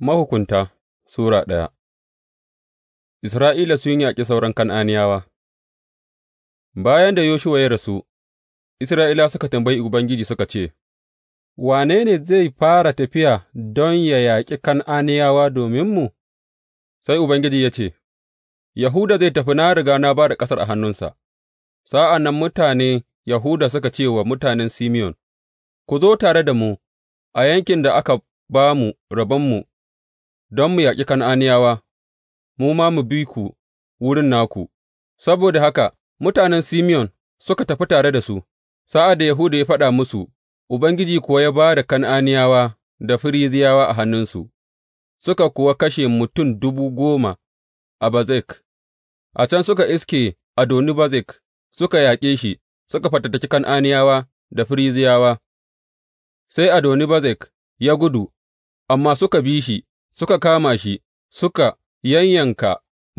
Mahukunta Sura ɗaya. Isra'ila sun yaƙi sauran Kan'aniyawa Bayan da Yoshuwa ya rasu, Isra'ila suka tambayi Ubangiji suka ce, Wane ne zai fara tafiya don ya yaƙi Kan'aniyawa mu? Sai Ubangiji ya ce, Yahuda zai tafi na riga na ba da ƙasar a hannunsa. Sa'an nan mutane Yahuda suka ce wa mutanen Simeyon, Ku zo tare da mu a yankin da aka ba mu rabonmu don mu yaƙi Kan'aniyawa, mu ma mu bi ku wurin naku, saboda haka mutanen Simeyon suka tafi tare da su, sa'ad da Yahuda ya faɗa musu, Ubangiji kuwa ya ba da Kan'aniyawa da firiziyawa a hannunsu, suka kuwa kashe mutum dubu goma a Bezek, a can suka iske Adoni Bezek, suka yaƙe shi, suka fatattaki Kan'aniyawa da firiziyawa. sai Adoni Bezek ya gudu, amma suka bi shi. suka kama shi suka yayyanka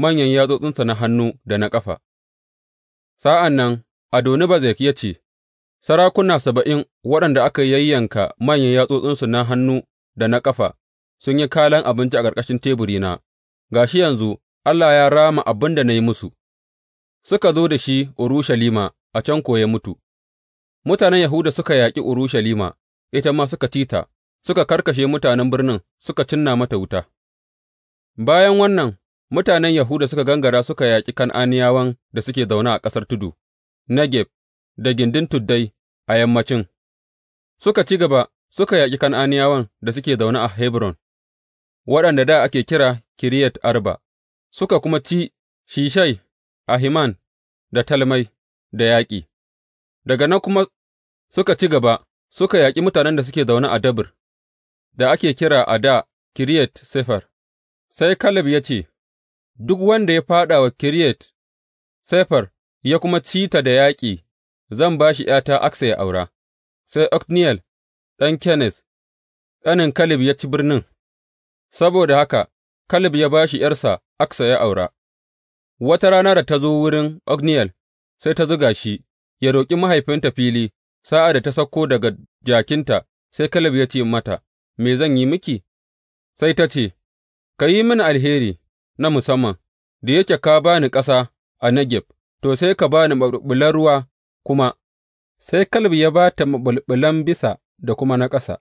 manyan yatsotsinsa na hannu da na ƙafa. Sa'an nan Adoni Bezek ya ce, Sarakuna saba'in waɗanda aka yayyanka manyan yatsotsinsu na hannu da na ƙafa sun yi kalan abinci a ƙarƙashin teburina, ga shi yanzu Allah ya rama abin da na yi musu, suka zo da shi Urushalima a can kuwa ya mutu, mutanen Yahuda suka yaƙi Urushalima, ita ma suka tita. suka karkashe mutanen birnin suka cinna mata wuta. Bayan wannan, mutanen Yahuda suka gangara suka yaƙi Kan'aniyawan da suke zaune a ƙasar tudu, Negeb da gindin tuddai a yammacin, suka ci gaba suka yaƙi Kan'aniyawan da suke zaune a Hebron, waɗanda da ake kira Kiriyat Arba, suka kuma ci Shishai, Ahiman da Talmai da yaƙi, daga nan kuma suka ci gaba suka yaƙi mutanen da suke zaune a Dabir da ake kira a da Kiriyat Sefer, sai Kaleb ya ce, Duk wanda ya fāɗa wa Kiriyat Sefer ya kuma ci ta da yaƙi, zan ba shi ’yata Aksa ya aura, sai Otniyel ɗan Kenes, ƙanin Kaleb ya ci birnin, saboda haka Kaleb ya ba shi ’yarsa Aksa ya aura. Wata rana da ta zo wurin Otniyel, sai ta zuga shi, ya roƙi mahaifinta fili, sa'ad da ta sauko daga jakinta, sai Kaleb ya ce mata, Me zan yi miki? Sai ta ce, Ka yi mini alheri na musamman, da yake ka ba ni ƙasa a Negeb, to, sai ka ba ni maɓulɓulan ruwa kuma, sai Kaleb ya ba ta maɓulɓulan bisa da kuma na ƙasa.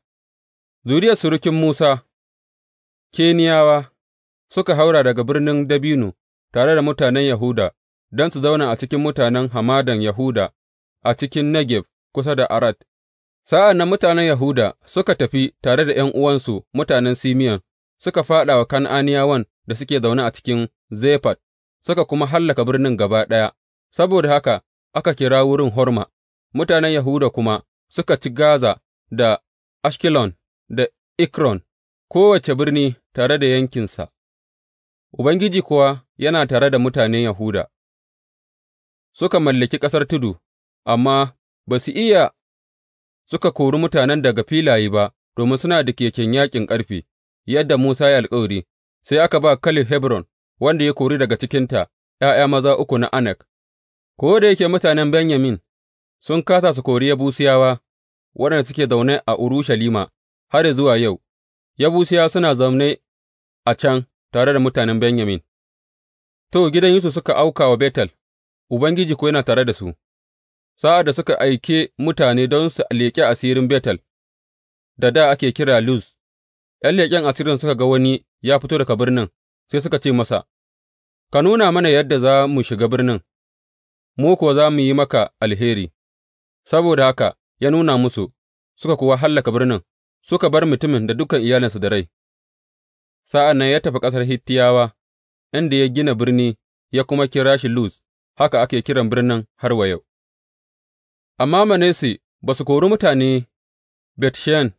Zuriyar surukin Musa, Keniyawa, suka haura daga birnin Dabino tare da mutanen Yahuda don su zauna a cikin mutanen hamadan Yahuda a cikin Negeb kusa da Arad. Sa'an nan mutanen Yahuda suka tafi tare da ’yan'uwansu mutanen Simeyon suka fāɗa wa Kan'aniyawan da suke zaune a cikin Zefat, suka kuma hallaka birnin gaba ɗaya, saboda haka aka kira wurin Horma, mutanen Yahuda kuma suka ci Gaza da Ashkelon da Ekron, kowace birni tare da yankinsa, Ubangiji kuwa yana tare da mutanen Yahuda. Suka mallaki ƙasar tudu, amma ba su iya suka kori mutanen daga filaye ba, domin suna da keken yaƙin ƙarfe, yadda Musa ya alkawari, sai aka ba Kaleb Hebron, wanda ya kori daga cikinta ’ya'ya maza uku na Anak, ko da yake mutanen Benyamin sun kasa su kori Yabusiyawa waɗanda suke zaune a Urushalima har zuwa yau, Yabusiyawa suna zaune a can tare da mutanen Benyamin. To, gidan Yusuf suka auka wa Betel, Ubangiji kuwa yana tare da su. sa'ad da suka aike mutane don su leƙi asirin Betel da dā ake kira Luz, ’yan leƙen asirin suka ga wani ya fito daga birnin, sai suka ce masa, Ka nuna mana yadda za mu shiga birnin, mu kuwa za mu yi maka alheri, saboda haka ya nuna musu, suka kuwa hallaka birnin, suka bar mutumin da dukan iyalinsa da rai. Sa'an nan ya tafi ƙasar Hittiyawa, inda ya gina birni ya kuma kira shi Luz, haka ake kiran birnin har wa yau. Amma Manasse ba su kori mutane Bet Sheyan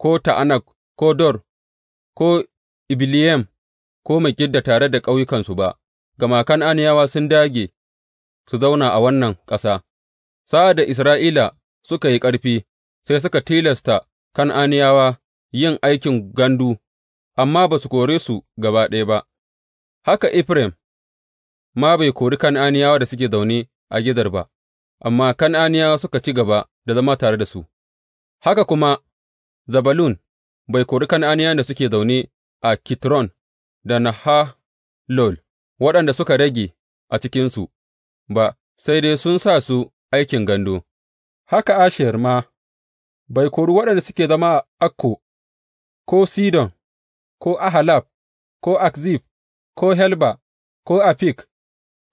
ko Ta'anak ko Dor ko Ibiliyam, ko Megiddo tare da ƙauyukansu ba, gama Kan'aniyawa sun dage su zauna a wannan ƙasa, sa'ad da Isra'ila suka yi ƙarfi, sai suka tilasta Kan'aniyawa yin aikin gandu, amma ba su kore su gaba ɗaya ba, haka Efraim ma bai kori Kan'aniyawa da suke zaune a gizar ba. amma Kan'aniyawa suka ci gaba da zama tare da su, haka kuma Zabalun bai kori Kan'aniyawan da suke zaune a Kitron da Nahalol, waɗanda suka rage a cikinsu ba, sai dai sun sa su aikin gando, haka Asher ma bai kori waɗanda suke zama a Akko, ko Sidon, ko Ahalab, ko Akzib, ko Helba, ko Afik,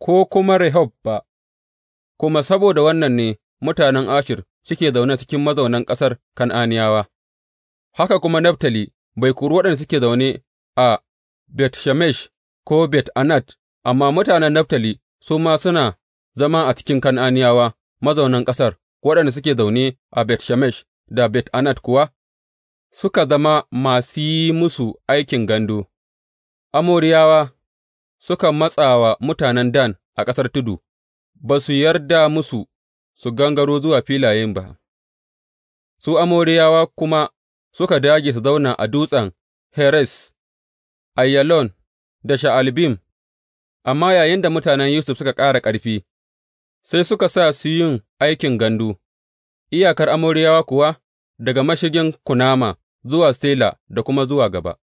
ko kuma Rehob ba. kuma saboda wannan ne mutanen Ashir suke zaune cikin mazaunan ƙasar Kan'aniyawa, haka kuma Naftali bai kuru waɗanda suke zaune a Bet Shemesh ko Bet Anat, amma mutanen Naftali su ma suna zama a cikin Kan'aniyawa mazaunan ƙasar, waɗanda suke zaune a Bet Shemesh da Bet Anat kuwa suka zama masu yi musu aikin gandu, Amoriyawa suka matsa wa mutanen Dan a ƙasar tudu ba su yarda musu su gangaro zuwa filayen ba, su Amoriyawa kuma suka dage su zauna a dutsen Heres, ayalon da Sha'albim, amma yayin da mutanen Yusuf suka ƙara ƙarfi, sai suka sa su yin aikin gandu, iyakar Amoriyawa kuwa daga mashigin kunama zuwa Sela da kuma zuwa gaba.